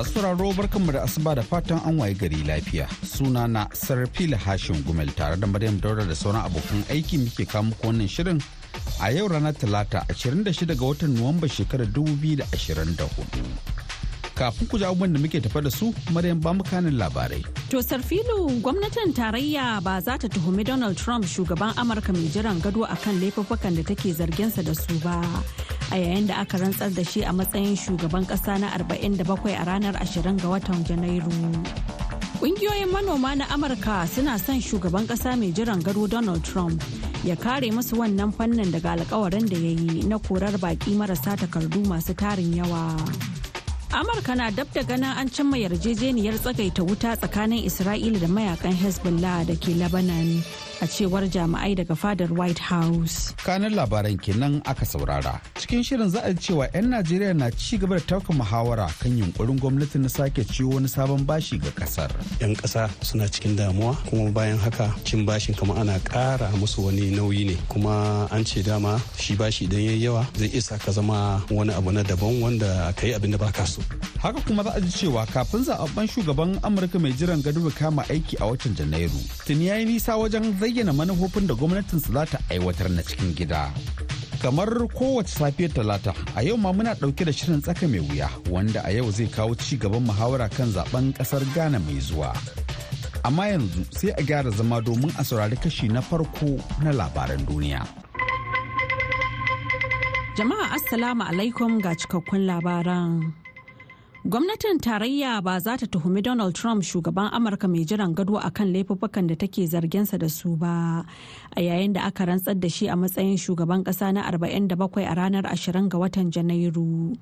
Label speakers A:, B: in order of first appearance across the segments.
A: Masu sauraro barkanmu da asuba da fatan an waye gari lafiya. Suna na Sarfila hashin Gumel tare da Maryam Daura da sauran abokan aiki muke muku wannan shirin a yau ranar Talata 26 ga watan Nuwamba shekarar 2024. kafin ku ji abubuwan da muke tafa da su maryam ba mu kanin labarai.
B: To Sarfilu gwamnatin tarayya ba za ta tuhumi Donald Trump shugaban Amurka mai jiran gado a kan laifuffukan da take zarginsa da su ba. A yayin da aka rantsar da shi a matsayin shugaban kasa na 47 a ranar 20 ga watan Janairu. Ƙungiyoyin manoma na Amurka suna son shugaban ƙasa mai jiran gado Donald Trump ya kare musu wannan fannin daga alkawarin da ya yi na korar baƙi marasa takardu masu tarin yawa. amurka na dab da ganin an cimma yarjejeniyar tsagaita wuta tsakanin isra'ila da mayakan hezbollah da ke Labanani. a cewar jami'ai daga fadar white house
A: kanan labaran kenan aka saurara cikin shirin za a cewa 'yan najeriya na ci gaba da tauka muhawara kan yunkurin gwamnati na sake ciwo wani sabon bashi ga kasar 'yan kasa suna cikin damuwa kuma bayan haka cin bashin kama ana kara musu wani nauyi ne kuma an ce dama shi bashi idan yayi yawa zai isa ka zama wani abu na daban wanda ka yi abin da ba so haka kuma za a ji cewa kafin zaɓen shugaban amurka mai jiran gado kama aiki a watan janairu tuni ya yi nisa wajen zai bayyana manufofin da gwamnatinsu za ta aiwatar na cikin gida. kamar kowace safiyar talata a yau ma muna ɗauke da shirin tsaka mai wuya wanda a yau zai kawo ci gaban muhawara kan zaben ƙasar ghana mai zuwa amma yanzu sai a gyara zama domin a saurari kashi na farko na labaran duniya
B: jama'a assalamu alaikum ga cikakkun labaran Gwamnatin tarayya ba za ta tuhumi Donald Trump shugaban Amurka mai jiran gado a kan laifuffukan da take zargensa da su ba. A yayin da aka rantsar da shi a matsayin shugaban ƙasa na 47 a ranar 20 ga watan Janairu.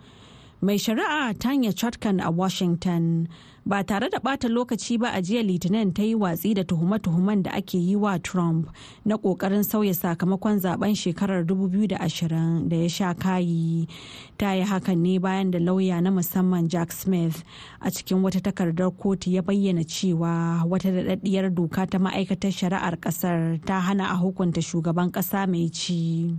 B: mai shari'a tanya chutkan a washington ba tare da bata lokaci ba a jiya litinin ta yi watsi da tuhume-tuhumen da ake yi wa trump na kokarin sauya sakamakon zaben shekarar 2020 da ya sha kayi ta yi hakan ne bayan da lauya na musamman jack smith a cikin wata takardar kotu ya bayyana cewa wata daɗaɗɗiyar doka ta ma'aikatar shari'ar ƙasar ta hana a hukunta shugaban ƙasa mai ci.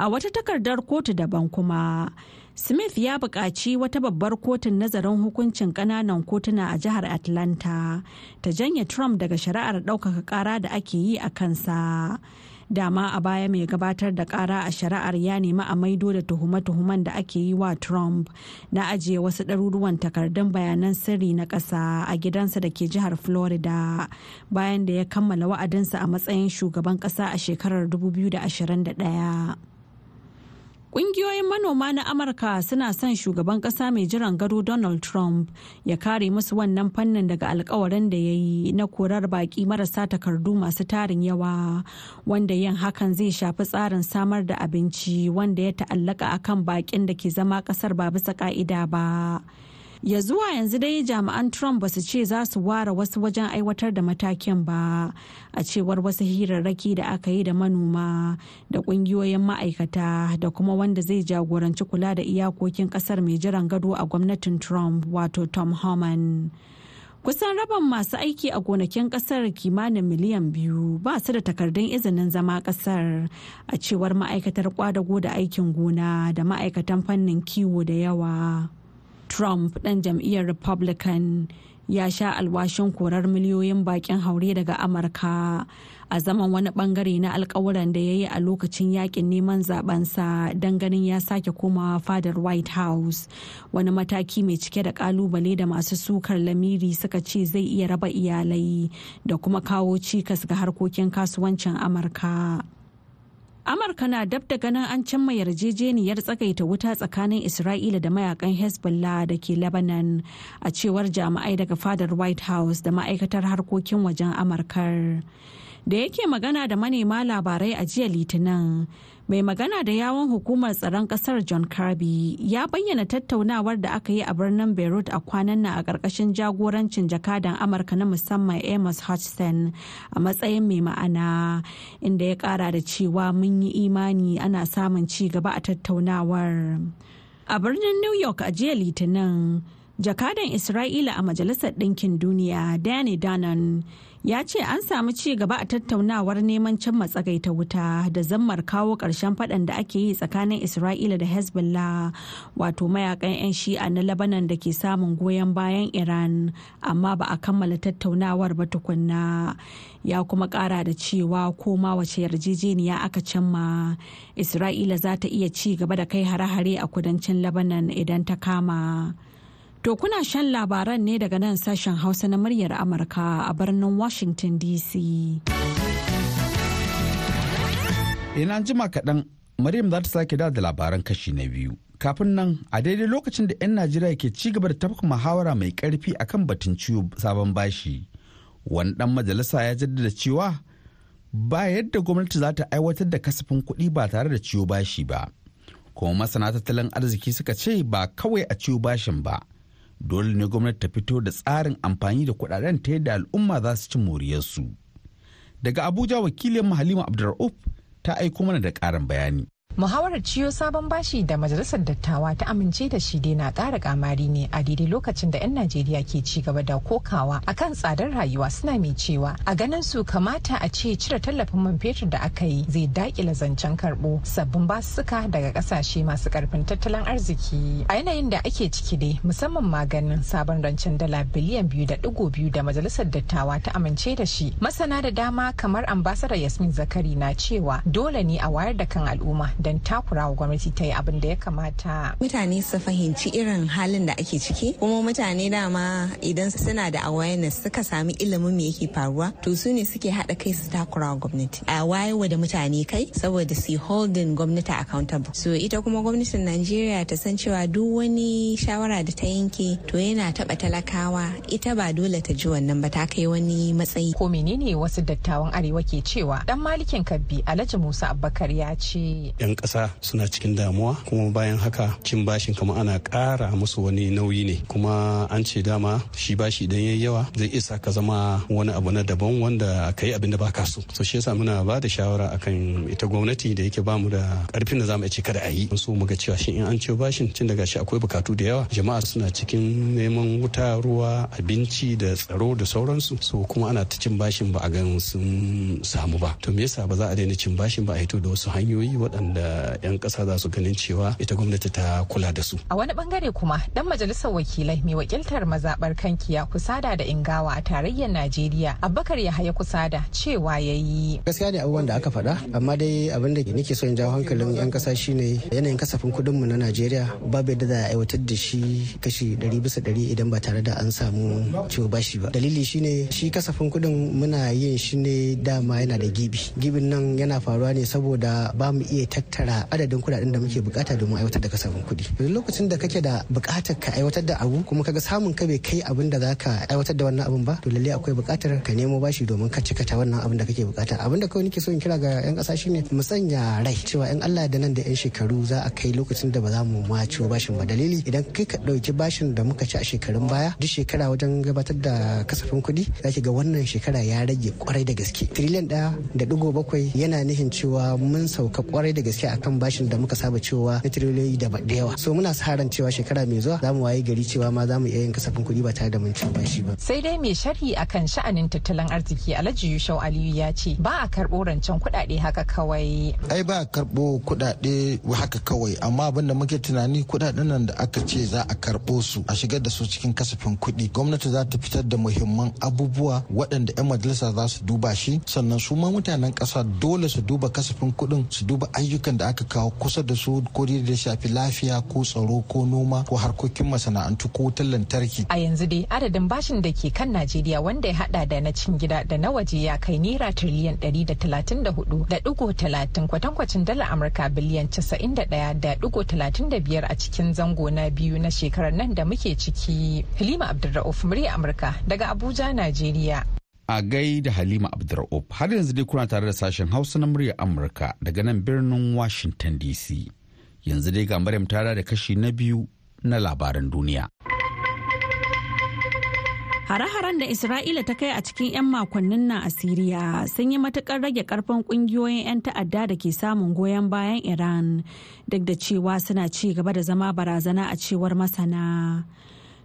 B: a wata takardar kotu daban kuma smith ya buƙaci wata babbar kotun nazarin hukuncin ƙananan kotuna a jihar atlanta ta janye trump daga shari'ar ɗaukaka ƙara da ake yi a kansa dama a baya mai gabatar da ƙara a shari'ar ya nemi a maido da tuhume-tuhumen da ake yi wa trump na ajiye wasu ɗaruruwan takardun bayanan sirri na ƙasa a gidansa da ke jihar florida bayan da ya kammala wa'adinsa a matsayin shugaban ƙasa a shekarar 2021 Ƙungiyoyin manoma na Amurka suna son shugaban ƙasa mai jiran gado Donald Trump ya kare musu wannan fannin daga alkawarin da ya yi na korar baƙi marasa takardu masu tarin yawa, wanda yin hakan zai shafi tsarin samar da abinci wanda ya ta'allaka akan baƙin da ke zama ƙasar ba bisa ƙa'ida ba. ya zuwa yanzu dai jami'an trump ba su ce za su ware wasu wajen aiwatar da matakin ba a cewar wasu hirarraki da aka yi da manoma da kungiyoyin ma'aikata da kuma wanda zai jagoranci kula da iyakokin kasar mai jiran gado a gwamnatin trump wato tom homan kusan rabin masu aiki a gonakin kasar kimanin miliyan biyu ba su da takardun izinin zama kasar a cewar ma'aikatar kwadago da aikin gona da ma'aikatan fannin kiwo da yawa Trump ɗan jam'iyyar Republican ya sha alwashin korar miliyoyin bakin haure daga Amurka a zaman wani bangare na alkawuran da ya yi a lokacin yakin neman zabensa don ganin ya sake komawa fadar White House wani mataki mai cike da kalubale da masu sukar lamiri suka ce zai iya raba iyalai da kuma kawo cikas ga harkokin kasuwancin Amurka. amurka na dab da ganin an cimma yarjejeniyar tsagaita wuta tsakanin isra'ila da mayakan hezbollah da ke lebanon a cewar jami'ai daga fadar white house da ma'aikatar harkokin wajen amurkar da yake magana da manema labarai a jiya litinin mai magana da yawon hukumar tsaron kasar john kirby ya bayyana tattaunawar da aka yi a birnin beirut a kwanan nan a ƙarƙashin jagorancin jakadan amurka na musamman amos hodgson a matsayin mai ma'ana inda ya ƙara da cewa mun yi imani ana samun ci gaba a tattaunawar a birnin new york a jiya litinin jakadan isra'ila a majalisar ɗinkin duniya danny danon ya ce an samu ci gaba a tattaunawar neman can matsagaita wuta da zammar kawo ƙarshen faɗan da ake yi tsakanin isra'ila da hezbollah wato mayakan 'yan shi'a na labanan da ke samun goyon bayan iran amma ba a kammala tattaunawar ba tukunna ya kuma ƙara da cewa koma wace yarjejeniya aka cimma isra'ila za ta iya ci gaba da kai hare-hare a kudancin labanan idan ta kama. To kuna shan labaran ne daga nan sashen Hausa na muryar Amurka a birnin Washington DC.
A: Ina jima kaɗan, Maryam za ta sake da da labaran kashi na biyu. Kafin nan a daidai lokacin da 'yan Najeriya ke ci gaba da tafka muhawara mai ƙarfi akan batun ciwo sabon bashi. Wani ɗan majalisa ya jaddada cewa ba yadda gwamnati za ta aiwatar da kasafin kuɗi ba tare da ciwo bashi ba. Kuma masana tattalin arziki suka ce ba kawai a ciwo bashin ba. dole ne gwamnati ta fito da tsarin amfani da kuɗaɗen ta yadda al'umma za su ci moriyarsu daga abuja wakilin halima abdulrauf ta aiko mana da ƙarin bayani
C: muhawarar ciyo sabon bashi da majalisar dattawa ta amince da shi dai na ƙara kamari ne a daidai lokacin da 'yan najeriya ke ci gaba da kokawa a kan tsadar rayuwa suna mai cewa a ganin su kamata a ce cire tallafin man fetur da aka yi zai dakila zancen karɓo sabbin basuka daga ƙasashe masu ƙarfin tattalin arziki a yanayin da ake ciki dai musamman maganin sabon rancen dala biliyan biyu da digo biyu da majalisar dattawa ta amince da shi masana da dama kamar ambasada yasmin zakari na cewa dole ne a wayar da kan al'umma da don takurawa gwamnati ta yi abin da ya kamata. Mutane su fahimci irin halin da ake ciki kuma mutane dama idan suna da awareness suka sami ilimin me yake faruwa to su ne suke haɗa kai su takurawa gwamnati. A wayewa da mutane kai saboda su holding gwamnati accountable. So ita kuma gwamnatin Najeriya ta san cewa duk wani shawara da ta yanke to yana taɓa talakawa ita ba dole ta ji wannan ba ta kai wani matsayi. Ko menene wasu dattawan arewa ke cewa dan malikin kabbi Alhaji Musa Abubakar ya ce.
A: 'yan ƙasa suna cikin damuwa kuma bayan haka cin bashin kama ana ƙara musu wani nauyi ne kuma an ce dama shi bashi idan ya yawa zai isa ka zama wani abu na daban wanda ka yi abin da baka so so shi yasa muna ba da shawara akan ita gwamnati da yake bamu da karfin da zamu iya ce kada a yi so ga cewa shi in an ce bashin tun daga shi akwai bukatu da yawa jama'a suna cikin neman wuta ruwa abinci da tsaro da sauransu so kuma ana ta cin bashin ba a gan sun samu ba to me yasa ba za a daina cin bashin ba a hito da wasu hanyoyi waɗanda da 'yan kasa za su ganin cewa ita gwamnati ta kula da su. A
C: wani bangare kuma dan majalisar wakilai mai wakiltar mazaɓar kankiya kusada da ingawa a tarayyar Najeriya Abubakar Yahaya kusada cewa yayi.
D: yi. Gaskiya ne abubuwan da aka faɗa amma dai abin da nake so in jawo hankalin 'yan kasa shine yanayin kasafin kuɗin mu na Najeriya babu yadda za a aiwatar da shi kashi ɗari bisa ɗari idan ba tare da an samu ciwo bashi ba. Dalili shine shi kasafin kuɗin muna yin shi ne dama yana da gibi. Gibin nan yana faruwa ne saboda ba mu iya tattalin tattara adadin kudaden da muke bukata domin aiwatar da kasafin kuɗi duk lokacin da kake da bukatar ka aiwatar da abu kuma kaga samun ka bai kai abin da zaka aiwatar da wannan abun ba to lalle akwai bukatar ka nemo bashi domin ka cika ta wannan abin da kake bukata abin da kawai nake so in kira ga yan kasa shine mu sanya rai cewa in Allah da nan da yan shekaru za a kai lokacin da ba za mu ma ciwo bashin ba dalili idan kai ka dauki bashin da muka ci a shekarun baya duk shekara wajen gabatar da kasafin kuɗi zaki ga wannan shekara ya rage kwarai da gaske trillion ɗaya da ɗigo bakwai yana nihin cewa mun sauka kwarai da gaske gaskiya akan bashin da muka saba cewa na tiriliyoyi da ba yawa so muna sa ran cewa shekara mai zuwa za mu waye gari cewa ma za mu iya yin kasafin kuɗi ba tare da mun cin bashi ba
C: sai dai mai sharhi akan sha'anin tattalin arziki Alhaji yusuf Aliyu ya ce ba a karbo rancen kuɗaɗe haka kawai
E: ai ba a karɓo kuɗaɗe haka kawai amma abin da muke tunani kuɗaɗen nan da aka ce za a karɓo su a shigar da su cikin kasafin kuɗi gwamnati za ta fitar da muhimman abubuwa waɗanda 'yan majalisa za su duba shi sannan su ma mutanen ƙasa dole su duba kasafin kuɗin su duba ayyuka cututtukan da aka kawo kusa da su ko da shafi lafiya ko tsaro ko noma ko harkokin masana'antu ko wutar lantarki.
C: A yanzu dai adadin bashin da ke kan Najeriya wanda ya hada da na cin gida da na waje ya kai naira tiriliyan ɗari da talatin da da hudu digo talatin kwatankwacin dala Amurka biliyan casa'in da ɗaya da digo biyar a cikin zango na biyu na shekarar nan da muke ciki. Halima Abdulra'uf murya Amurka daga Abuja, Najeriya.
A: a gai da halima abdurraub har yanzu dai kuna tare da sashen hausa na muryar amurka daga nan birnin washington dc yanzu dai ga maryam tara da kashi na biyu na labaran duniya
B: hare-haren da isra'ila ta kai a cikin 'yan makonnin nan a siriya sun yi matukar rage karfin kungiyoyin 'yan ta'adda da ke samun goyon bayan iran duk da cewa suna ci gaba da zama barazana a cewar masana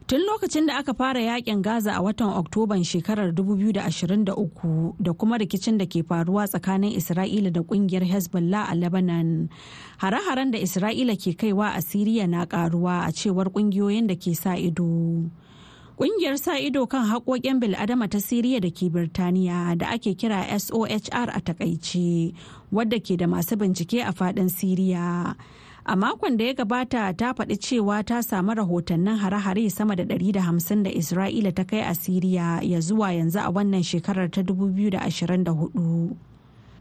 B: Tun lokacin da aka fara yakin Gaza a watan Oktoban shekarar 2023 da kuma rikicin da ke faruwa tsakanin Isra'ila da kungiyar Hezbollah a Lebanon, hare-haren da Isra'ila ke kaiwa a Siriya na karuwa a cewar kungiyoyin da ke sa ido. Kungiyar sa ido kan haƙoƙin bil'adama ta Siriya da ke Birtaniya da ake kira SOHR a takaice, wadda ke da masu bincike a faɗin Siriya. a makon da ya gabata ta faɗi cewa ta samu rahotannin hare-hare sama da 150 da isra'ila ta kai a siriya ya zuwa yanzu a wannan shekarar ta 2024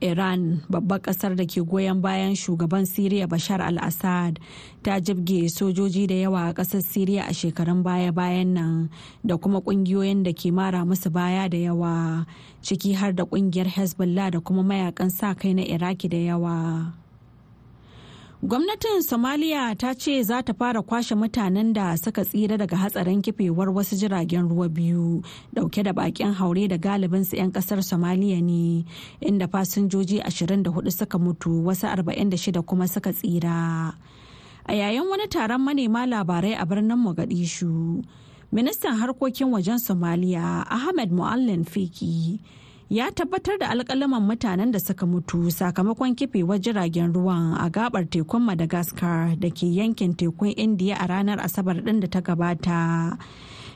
B: iran babbar ƙasar da ke goyon bayan shugaban siriya bashar al-assad ta jibge sojoji da yawa a ƙasar siriya a shekarun baya-bayan nan da kuma ƙungiyoyin da ke mara musu baya da yawa ciki har da ƙungiyar hezbollah da kuma mayakan sa kai na iraki da yawa Gwamnatin Somalia ta ce za ta fara kwashe mutanen da suka tsira daga hatsarin kifewar wasu jiragen ruwa biyu dauke da bakin haure da galibin su 'yan kasar Somalia ne inda fasinjoji 24 suka mutu wasu 46 kuma suka tsira. A yayin wani taron manema labarai a birnin Mogadishu, ministan harkokin wajen Somalia Ahmed Muallin Fiki ya tabbatar da alkalaman mutanen da suka mutu sakamakon kifewar jiragen ruwan a gabar tekun madagascar da ke yankin tekun indiya a ranar asabar ɗin da ta gabata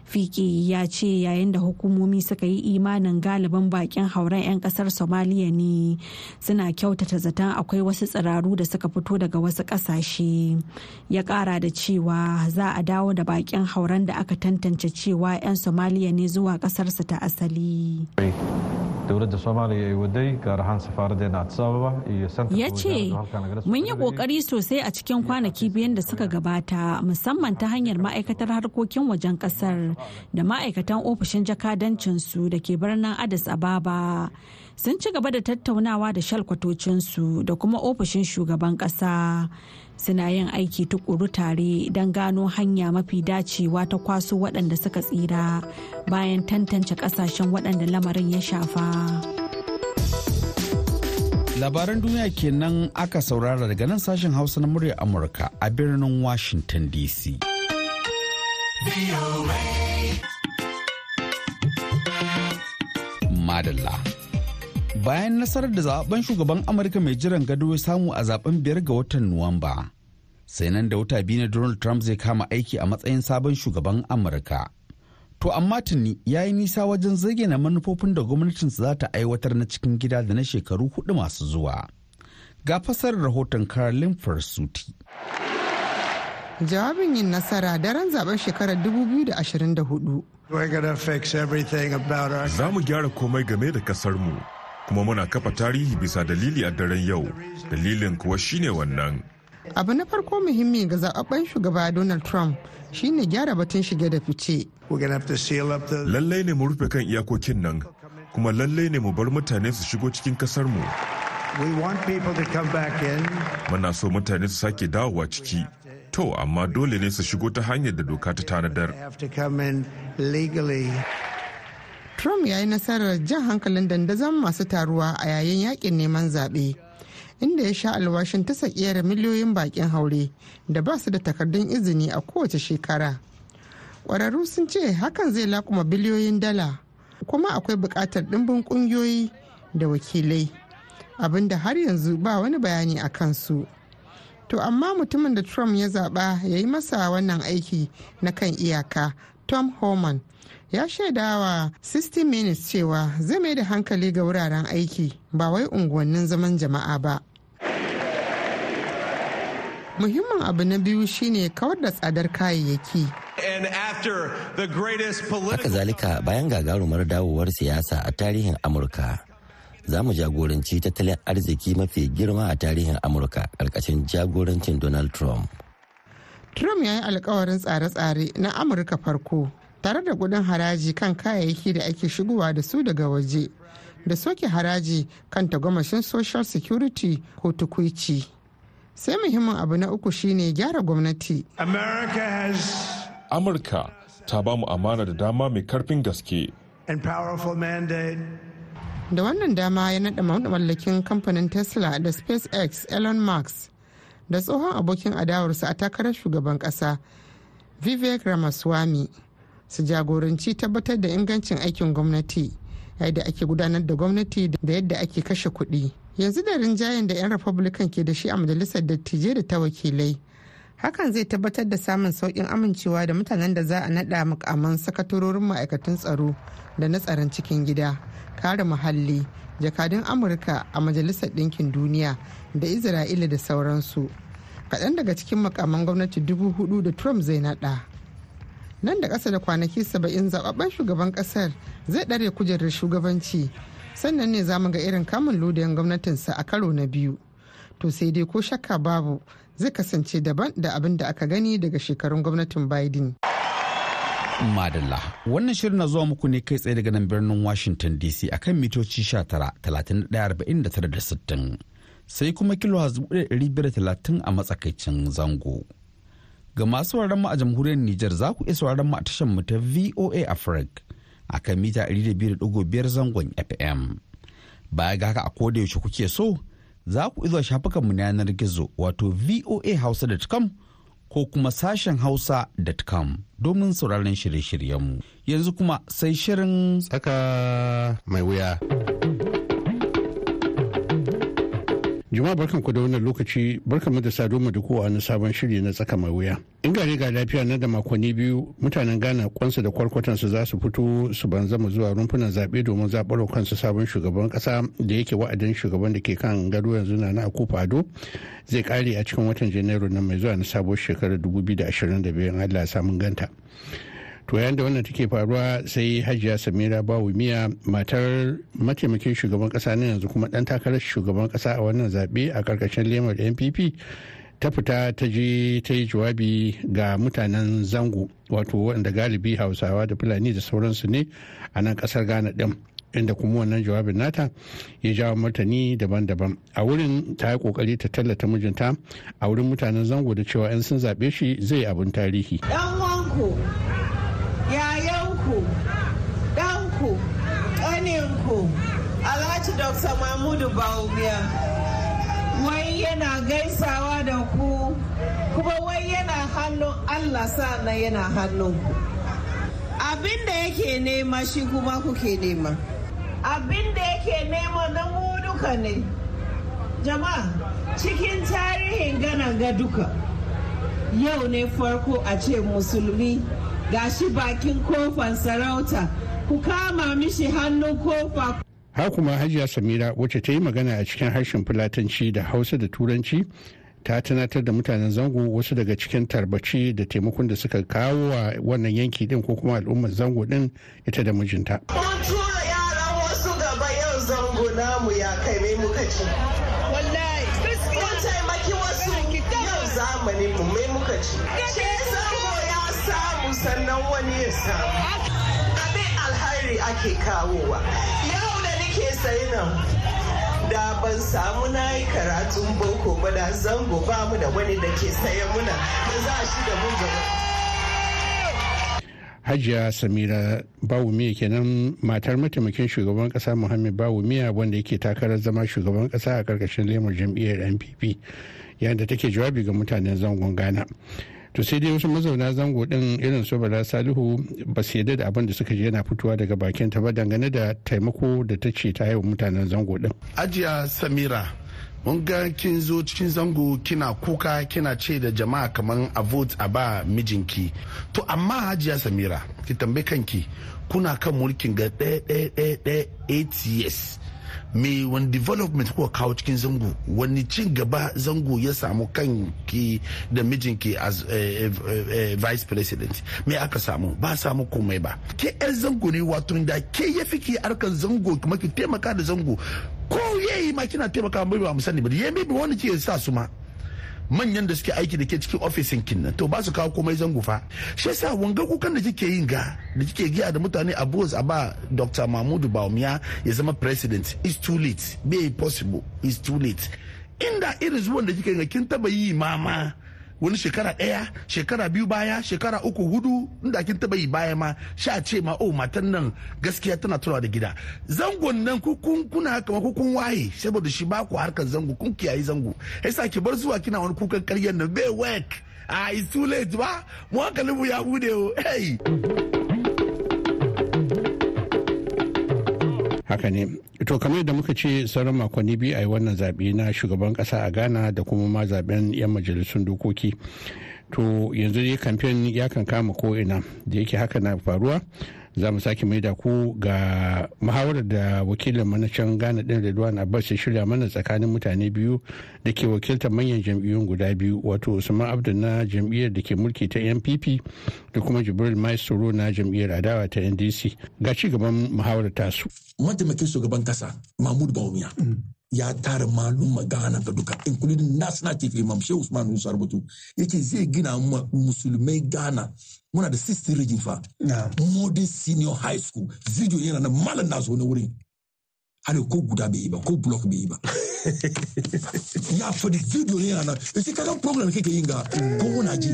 B: fiki ya ce yayin da hukumomi suka yi imanin galibin bakin hauren 'yan kasar somaliya ne suna kyautata zaton akwai wasu tsiraru da suka fito daga wasu kasashe ya kara da cewa za a dawo da bakin hauren da aka tantance cewa 'yan somaliya ne zuwa kasarsa ta asali ya ce mun yi kokari sosai a cikin kwanaki biyan da suka gabata musamman ta hanyar ma'aikatar harkokin wajen kasar da ma'aikatan ofishin jakadancinsu da ke birnin addis ababa sun ci gaba da tattaunawa da shalkwatocinsu da kuma ofishin shugaban ƙasa suna yin aiki tukuru tare don gano hanya mafi dacewa ta kwaso waɗanda suka tsira bayan tantance ƙasashen waɗanda lamarin ya shafa
A: labaran duniya kenan aka saurara daga nan sashen hausa na murya amurka a birnin washington dc Madalla. Bayan nasarar da zaben shugaban Amurka mai jiran gado ya samu a zaben biyar ga watan Nuwamba, sai nan da wata biyu na Donald Trump zai kama aiki a matsayin sabon shugaban Amurka. To amma tuni ya yi nisa wajen zage na manufofin da gwamnatin za ta aiwatar na cikin gida da na shekaru hudu masu zuwa. Ga fasarar rahoton Carolyn Farsuti.
F: jawabin yin nasara daren zaben shekarar
G: 2024 za mu gyara komai game da kasarmu kuma muna kafa tarihi bisa dalili a daren yau dalilin kuwa shine wannan
F: abu na farko muhimmi ga zababben shugaba donald trump shine gyara batun shige da fice
G: lallai ne mu rufe kan iyakokin nan kuma lallai ne mu bar mutane su shigo cikin kasarmu muna so mutane su sake dawowa ciki to amma dole ne su shigo ta hanyar da doka ta tanadar
F: trump ya yi nasarar jan hankalin dandazon masu taruwa a yayin yakin neman zaɓe inda ya sha alwashin ta sakiyar miliyoyin bakin haure da ba su da takardun izini a kowace shekara ƙwararru sun ce hakan zai lakuma biliyoyin dala kuma akwai buƙatar ɗimbin ƙungiyoyi da wakilai abinda har yanzu ba wani bayani a kansu to amma mutumin da trump ya zaba ya yi masa wannan aiki na kan iyaka tom homan ya shaidawa 60 minutes cewa zai mai da hankali ga wuraren aiki ba wai unguwannin zaman jama'a ba muhimmin abu na biyu shine kawar da tsadar kayayyaki
A: haka zalika bayan gagarumar dawowar siyasa a tarihin amurka za mu jagoranci tattalin arziki mafi girma a tarihin amurka ƙarƙashin jagorancin donald trump
F: trump ya yi alkawarin tsare-tsare na amurka farko tare da kudin haraji kan kayayyaki da ake shigowa da su daga waje da soke haraji kan tagomashin social security ko tukuici sai muhimmin abu na uku shine gyara gwamnati
G: amurka ta ba mu amana da dama mai karfin gaske
F: da wannan dama ya naɗa mallakin kamfanin tesla da spacex elon musk da tsohon abokin adawarsa a takarar shugaban ƙasa vivek ramaswamy su jagoranci tabbatar da ingancin aikin gwamnati yadda ake gudanar da gwamnati da yadda ake kashe kuɗi yanzu da rinjayen da 'yan republican ke da shi a majalisar dattijai da ta wakilai hakan zai tabbatar da samun saukin amincewa da mutanen da za a naɗa mukaman sakatarorin ma'aikatan tsaro da na tsaron cikin gida kare muhalli jakadun amurka a majalisar ɗinkin duniya da isra'ila da sauransu kaɗan daga cikin makaman gwamnati dubu hudu da trump zai naɗa nan da ƙasa da kwanaki saba'in zababben shugaban ƙasar zai ɗare kujerar shugabanci sannan ne zamu ga irin kamun lodayen gwamnatinsa a karo na biyu to sai dai ko shakka babu zai kasance daban da abin da aka gani daga shekarun gwamnatin biden
A: Madalla, wannan shirin na zuwa muku ne kai tsaye daga nan birnin Washington DC akan mitoci 19,39,60 sai kuma kilo talatin a matsakaicin zango. Ga masu wararen mu a jamhuriyar Nijar za ku iya wararen mu a tashar mu ta VOA Africa akan mita 200.5 zangon FM. Baya ga haka a koda yaushe kuke so za ku izo shafukan mu na yanar gizo wato voahausa.com ko kuma sashen hausa.com domin sauraron shirye-shiryenmu. Yanzu kuma sai
H: shirin tsaka mai wuya. Jama'a barkan ku da wannan lokaci barkan mu da sado mu da kowa na sabon shiri na tsaka mai wuya. In gari ga lafiya na da makonni biyu mutanen Ghana kwansu da kwarkwatansu za su fito su banzama zuwa rumfunan zaɓe domin zaɓar kansu sabon shugaban ƙasa da yake wa'adin shugaban da ke kan gado yanzu na na Ado zai kare a cikin watan Janairu nan mai zuwa na sabuwar shekarar 2025 Allah ya samu ganta. to yayin da wannan take faruwa sai hajiya samira miya matar mataimakin shugaban kasa na yanzu kuma dan takarar shugaban kasa a wannan zaɓe a karkashin lemar npp ta fita ta je ta yi jawabi ga mutanen zango wato waɗanda galibi hausawa da fulani da sauransu ne a nan kasar ghana ɗin inda kuma wannan jawabin nata ya jawo martani daban-daban a wurin ta yi kokari ta tallata mijinta a wurin mutanen zango da cewa 'yan sun zaɓe shi zai abin tarihi.
B: 'yan
C: Dr. Mahmudu Bawumiya. Wai yana gaisawa da ku, kuma wai yana
D: hannun Allah na yana hannun ku. Abin da yake nema shi kuma kuke nema. Abin da yake nema na mu duka ne.
C: Jama'a, cikin tarihin gana ga duka. Yau ne farko a ce musulmi gashi bakin kofan sarauta.
E: ku kama mishi hannun kofa
H: ha kuma hajiya samira wacce ta yi magana a cikin harshen fulatanci da hausa da turanci ta tunatar da mutanen zango wasu daga cikin tarbaci da taimakon da suka kawo wa wannan yanki din ko kuma al'ummar zango din ita da
D: mijinta. tura gaba yau zango namu ya samu sannan wani ya samu. Abin ake kawowa. Ya ke sai nan da ban samu na yi karatun boko ba da zango ba mu da wani da ke saye muna da za shi da mun gaba
H: hajiya samira bawumiya kenan matar mataimakin shugaban kasa muhammad miya wanda yake takarar zama shugaban kasa a karkashin lemar jam'iyyar npp yayin da take jawabi ga mutanen zangon ghana to sai dai wasu mazauna zango din irin su bala salihu ba su yarda da abin da suka ji yana fitowa daga bakin ta ba dangane da taimako da ta ce ta haihu mutanen zango din
I: ajiya samira mun ga kin zo cikin zango kina kuka kina ce da jama'a kamar a vote a ba mijinki to amma hajiya samira ki tambayi kanki kuna kan mulkin ga ɗaya ɗaya ɗaya ɗaya years me wani development kuka kawo cikin zango wani cin gaba zango ya samu kan ki da mijinki as eh, eh, eh, vice president me aka samu ba samu komai ba ke yan zango ne wato da ke ya fi ki harkar zango kuma ki taimaka da zango ko yayi ma kina taimaka ba mu sani ba ya mai wani ke sa su ma manyan da suke aiki da ke cikin ofisin kin to ba su kawo komai zango fa shi yasa wanga kukan da kike yin ga da kike giya da mutane a bus a ba Dr. Mahmudu Bawumia ya zama president is too late be possible is too late inda irin zuwan da kike ga kin taba yi mama wani shekara ɗaya shekara biyu baya shekara uku hudu inda kin taba yi baya ma sha ce ma oh matan nan gaskiya tana tura da gida zangon nan ku kun kuna haka ma ku kun waye saboda shi ba ku harkar zango kun kiyaye zango yasa ki bar zuwa kina wani kukan karyar nan bai work a ah, it's too ba mu mu ya bude hey
H: haka ne to kamar da muka ce sauran makonni biyu a yi wannan zaɓe na shugaban ƙasa a ghana da kuma ma zaɓen 'yan majalisun dokoki to yanzu dai kamfen ya kan kama ko ina da yake haka na faruwa za mu sake mai da ku ga muhawarar da wakilin manacan ghana din redwan abbas ya shirya mana tsakanin mutane biyu da ke wakiltar manyan jam'iyyun guda biyu wato usman abdu na jam'iyyar da ke mulki ta npp da kuma jibril maestro na jam'iyyar adawa ta ndc ga ci gaban muhawarar tasu mataimakin shugaban kasa mahmud bawumia mm. ya tara
J: malum magana ka duka including national chief imam shehu usman musa rubutu yace zai gina musulmai ghana muna da 60 region fa modern senior high school video yana na malam nasu na wurin hali ko guda bɛ i ban ko blɔk bɛ i ban
G: n
J: y'a fɔ de fi donni yana esi ka kan problem kɛ kɛ nka ko ko na ji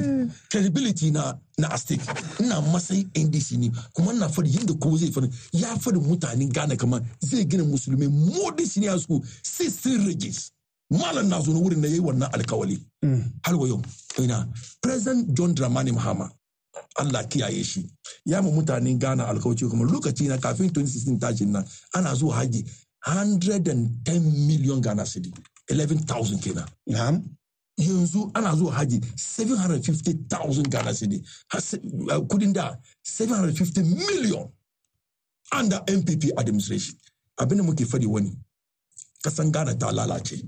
J: credibility na na a stake na masai ndc ni kuma na fɔ de yin da ko zai fana ya fɔ de mutane gane kama zai gina musulmi modi sini ya su sai sun regis malam na zo wuri na yayi wannan alkawali har hmm. wa yau ina president john dramani mahama Allah kiyaye shi ya mu mutanen Ghana alkauci kuma lokaci na kafin 2016 tashin nan ana zuwa haji 110 million Ghana cedi 11,000 kenan na'am yanzu ana zuwa haji 750,000 Ghana cedi uh, kudin da 750 million under MPP administration abin da muke fadi wani kasan Ghana ta lalace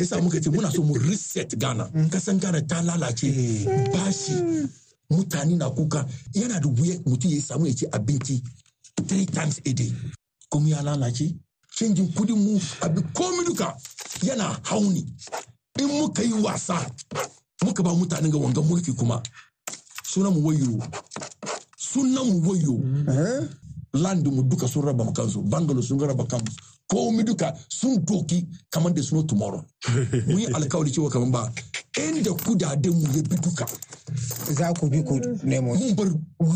J: Isa muka ce muna so mu reset Ghana. Mm. Kasan Ghana ta lalace eh. bashi mutane na kuka yana da wuya mutum ya samu ya ci abinci three times a day kuma ya lalace canjin kudin mu abin komi duka yana hauni in muka yi wasa muka ba mutane ga wangan mulki kuma sunan mu wayo sunan mu wayo eh? land mu duka sun raba kansu bangalo sun raba kansu komi duka sun doki kamar da suna tomorrow mun yi alkawari cewa kamar ba inda kudadenmu ya bi duka
E: za ku bi ku nemo mun bar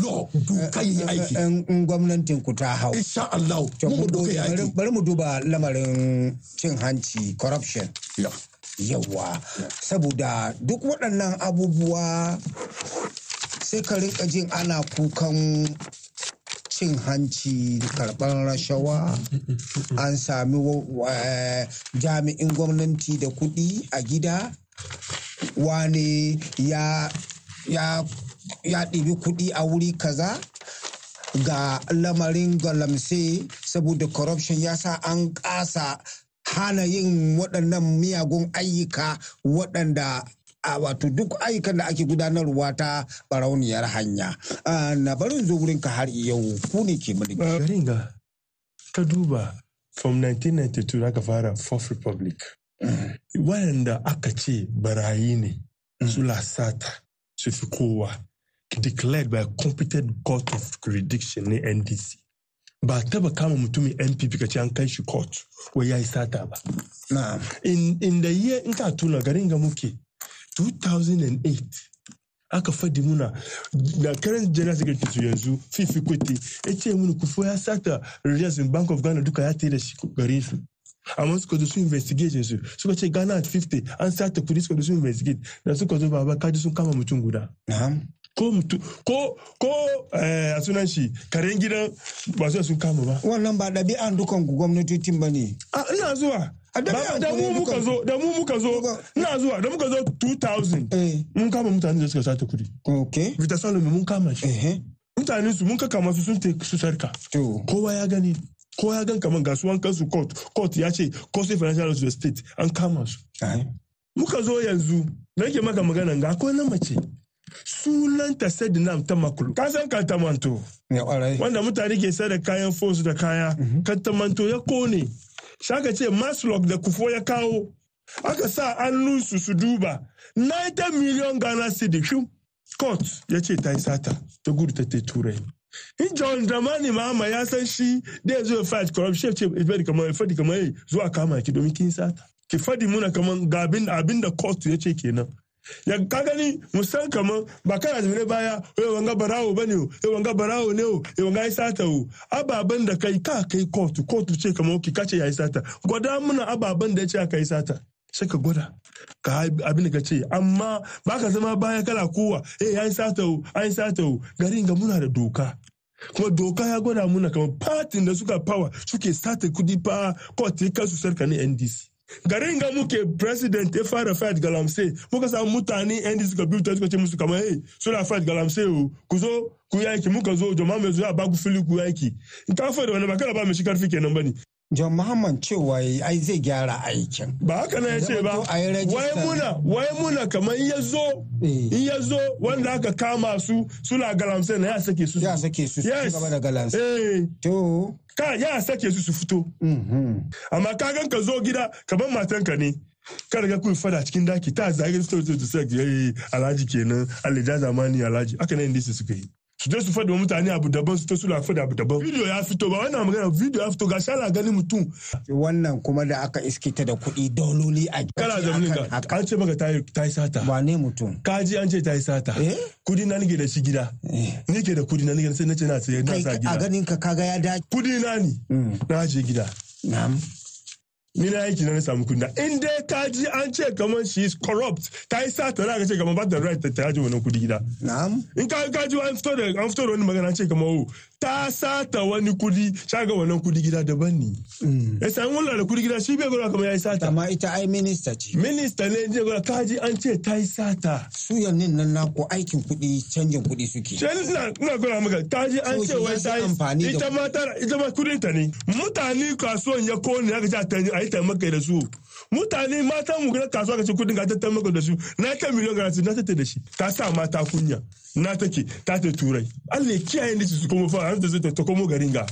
E: law duka yi eh, eh, aiki eh, in gwamnatin ku ta hau insha Allah mun duka yi aiki bari mu duba lamarin cin hanci corruption yawa saboda duk waɗannan abubuwa sai ka rinka jin ana kukan cin hanci karɓar rashawa an sami jami'in gwamnati da kuɗi a gida Wani ya ya ya ɗibi kuɗi a wuri kaza ga lamarin galamse saboda corruption ya sa an ƙasa hana yin waɗannan miyagun ayyuka waɗanda a wato duk ayyukan da ake gudanarwa ta barauniyar hanya na barin zo wurinka har yau ku ne
G: ke mulki. ka duba from 1992 ka fara fourth republic wayanda aka ce barayi ne mm. su lasata su fi kowa declared by a competent court of jurisdiction na ndc ba taba kama mutumin npp ka ce an kai shi court wai ya yi sata ba in da yi in ka tuna garin ga muke 2008 aka fadi muna na current general secretary su yanzu fifi kwete ya ce muni kufo ya sata reserves in bank of ghana duka ya da shi garin su amma suka zo investigation su suka ce Ghana at 50 an sata kudi suka zo su investigate da suka zo baba sun kama mutum ko mutu ko ko eh, a sunan shi gidan ba su sun kama ba. Wannan ba dukan ba ne. Ina zuwa. Da mu muka zo, mu muka zo, ina mun kama da suka Ok. mun kama Mutanen mun sun sarka. Kowa ya gani. ko ya gan kaman ga su kansu court court ya ce costly financial loss the state an kama su muka zo yanzu na nake maka maganan ga akwai na mace sunanta sedinam ta makulu ka san kantamanto wanda mutane ke sai da kayan force da kaya mhm. kantamanto ya kone shaka ce maslock da kufo ya kawo aka sa hannunsu su duba 90 million ghana cedi court ya ce ta yi sata ta gudu ta turai John Dramani Mahama ya san shi da ya zo ya fight corruption ce eh, fadi kamar ya eh, fadi kamar eh, zuwa kama ki domin kin sata. Ki fadi muna kamar ga abin da court ya ce kenan. Ya ka gani musan kamar ba kana jimre baya yau wanga barawo bane o yau wanga barawo ne o yau wanga sata o ababen da kai ka kai court court ce kamar ki kace yayi sata gwada muna ababen da ya ce ka yi sata. sai ka gwada ka abin da ka ce amma ba ka zama baya kala kowa eh an sata an sata garin ga muna da doka kuma doka ya gwada muna kamar fatin da suka power suke sata kudi fa court ya kasu sarka ne ndc garin ga muke president ya fara fight galamse muka samu mutane ndc suka biyu ta suka ce musu kamar hey suna fight galamse o ku zo ku yaki muka zo jama'a mai zuwa ba ku fili ku yaki in ka fa wani ba kada ba mai shi karfi kenan bane John Muhammad cewa ya ai zai gyara aikin. Ba haka na ya ce ba, wai muna, wai muna kamar ya zo, eh. in ya zo wanda aka kama su suna galamsai na ya sake su. Ya sake su su gaba da galamsai. Eh. To. Ka ya sake su su fito. Mhm. Amma ka gan ka zo gida, ka bar ka ne. Ka riga kun fada cikin daki ta zage su ta alhaji kenan, alijaza zamani alhaji, haka nan disi suka yi. su je su faɗi mutane abu daban su ta su faɗi abu daban video ya fito ba wannan magana video ya fito ga shala gani mutum wannan kuma da aka iskita da kuɗi dololi a kana da mun ga an ce maka ta yi sata ba ne mutum kaji an ce ta yi sata eh? kudi na nige da shi gida eh. ke da kudi na nige sai na ce na sai na sa gida a ganin ka kaga ya dace kudi na ni mm. na je gida na'am ni na aiki na samu kunda in dai ka ji an ce kamar she is corrupt ta yi sata na ka ce kamar ba da right ta yaji wannan kudi gida in ka ka ji an fito da an fito da wani magana an ce kamar oh, ta sata wani kudi ga wannan kudi gida daban ne eh sai wannan da kudi gida shi bai gura kamar yi sata amma ita ai minister ce minister ne je gura ka ji an ce ta yi sata su yannin nan na ko aikin kudi canjin kudi suke na na gura maka ka ji an ce wai ta yi ita ma ita ma kudin ta ne mutane kasuwan ya kone ya ga ta a yi taimaka da su mutane mata mu gina kasuwa ka kudin ga tattar maka da su na ta miliyan ga na ta da shi ta sa mata kunya na take ta ta turai Allah ya kiyaye ni su komo fa da su ta komo garin ga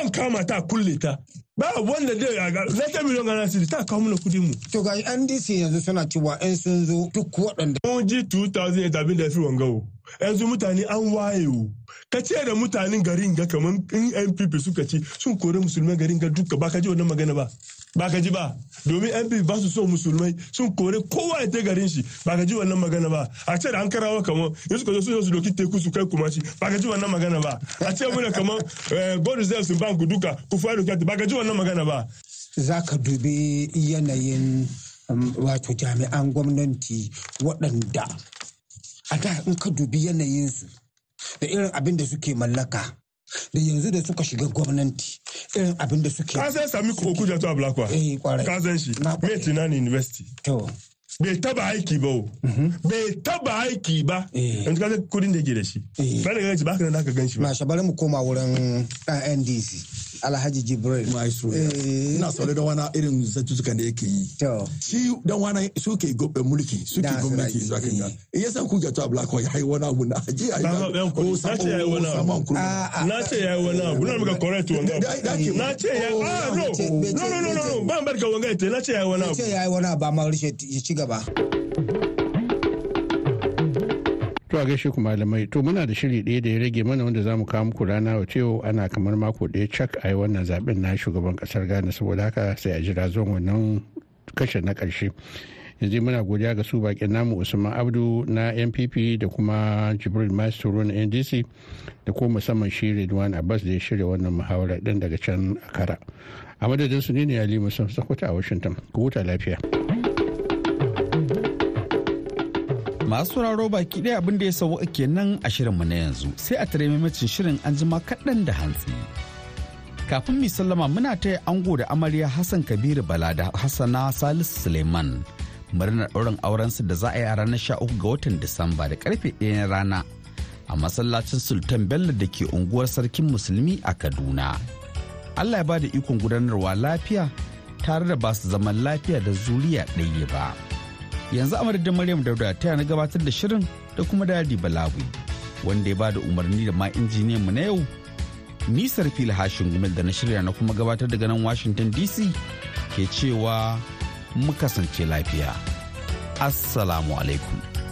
G: an kama ta kulle ta ba wanda dai a na ta miliyan gara su ta kawo mana kudin mu to ga NDC yanzu suna cewa in sun zo duk waɗanda mun ji 2008 abin da ya fi wangawo yanzu mutane an waye wo ka ce da mutanen garin ga kamar in npp suka ce sun kore musulman garin ga duka ba ka ji wannan magana ba ba ka ji ba domin yan ba su so musulmai sun kore kowa ya garin shi ba ka ji wannan magana ba a ce da an karawa kamar yanzu ka zo su su doki teku su kai kuma shi ba ka ji wannan magana ba a ce muna kamar eh, godu zai sun banku duka ku fara doki ba ka ji wannan magana ba za ka dubi yanayin um, wato jami'an gwamnati waɗanda
E: a da in ka dubi yanayinsu da irin abin da suke mallaka da yanzu da suka
G: shiga gwamnati irin abin da suke ka san sami koku da tuwa blakwa eh, ka san shi me tunani university to bai taba aiki ba mhm. bai taba aiki ba eh. yanzu ka san kudin da yake da shi
E: eh. ba da ganin ba ka nan ka gan shi ba na shabari mu koma wurin ndc alhaji jibril maestro eh. ina saurari dan wani irin zattutukan da yake
J: yi shi dan wani suke gobe mulki suke gwamnati zuwa kan in ya san kun gato
G: black hole hai wani abu na aji ai ko sace yayi wani abu na ce yayi wani abu na muka correct wanga na ce ya oh, ah no no no no ban barka wanga ita na ce yayi
E: wani abu na ce yayi wani abu amma rishe ya ci gaba
H: To a gaishe ku malamai to muna da shiri ɗaya da ya rage mana wanda mu kawo muku rana wace yau ana kamar mako ɗaya cak a yi wannan zaben na shugaban kasar Ghana saboda haka sai a jira zuwan wannan kashe na ƙarshe. yanzu muna godiya ga su bakin namu usman abdu na npp da kuma jibril masturu na ndc da ko musamman shi redwan abbas da ya shirya wannan muhawarar ɗin daga can a kara a madadin su ne ne ali musamman sakwata a washington ku huta lafiya masu sauraro baki
A: ɗaya abin da ya sauwa nan a shirinmu na yanzu sai a tare mamacin shirin an jima kaɗan da hantsi. Kafin mi sallama muna taya ango da amarya Hassan Kabiru Bala da Hassana Salisu Suleiman murnar ɗaurin aurensu da za a yi a ranar uku ga watan Disamba da karfe ɗaya na rana a masallacin Sultan Bello da ke unguwar Sarkin Musulmi a Kaduna. Allah ya ba da ikon gudanarwa lafiya tare da ba su zaman lafiya da zuriya ɗaya ba. yanzu a madadin maryam dauda ta na gabatar da shirin da kuma dadi balawi wanda ya bada umarni da ma injiniyan mu na yau nisar fil hashin gumel da na shirya na kuma gabatar daga nan washington dc ke cewa mu kasance lafiya assalamu alaikum